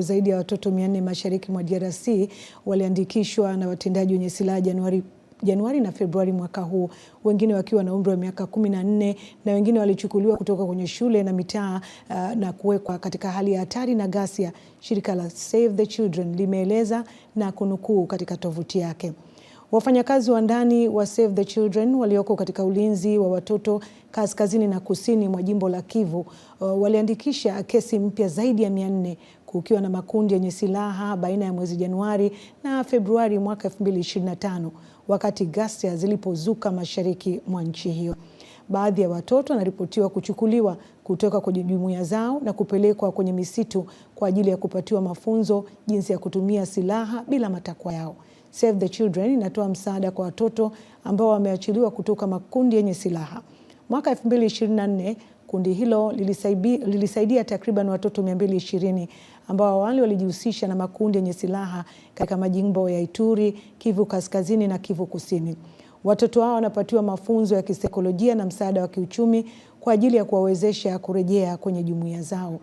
Zaidi ya watoto 400 mashariki mwa DRC waliandikishwa na watendaji wenye silaha Januari, Januari na Februari mwaka huu, wengine wakiwa na umri wa miaka 14 na wengine walichukuliwa kutoka kwenye shule na mitaa uh, na kuwekwa katika hali ya hatari na ghasia, shirika la Save the Children limeeleza na kunukuu katika tovuti yake. Wafanyakazi wa ndani wa Save the Children walioko katika ulinzi wa watoto kaskazini na kusini mwa jimbo la Kivu uh, waliandikisha kesi mpya zaidi ya mia nne kukiwa na makundi yenye silaha baina ya mwezi Januari na Februari mwaka 2025 wakati ghasia zilipozuka mashariki mwa nchi hiyo baadhi ya watoto wanaripotiwa kuchukuliwa kutoka kwenye jumuiya zao na kupelekwa kwenye misitu kwa ajili ya kupatiwa mafunzo jinsi ya kutumia silaha bila matakwa yao. Save the Children inatoa msaada kwa watoto ambao wameachiliwa kutoka makundi yenye silaha. Mwaka 2024 kundi hilo lilisaidia takriban watoto 220 ambao awali walijihusisha na makundi yenye silaha katika majimbo ya Ituri, Kivu Kaskazini na Kivu Kusini. Watoto hao wanapatiwa mafunzo ya kisaikolojia na msaada wa kiuchumi kwa ajili ya kuwawezesha kurejea kwenye jumuiya zao.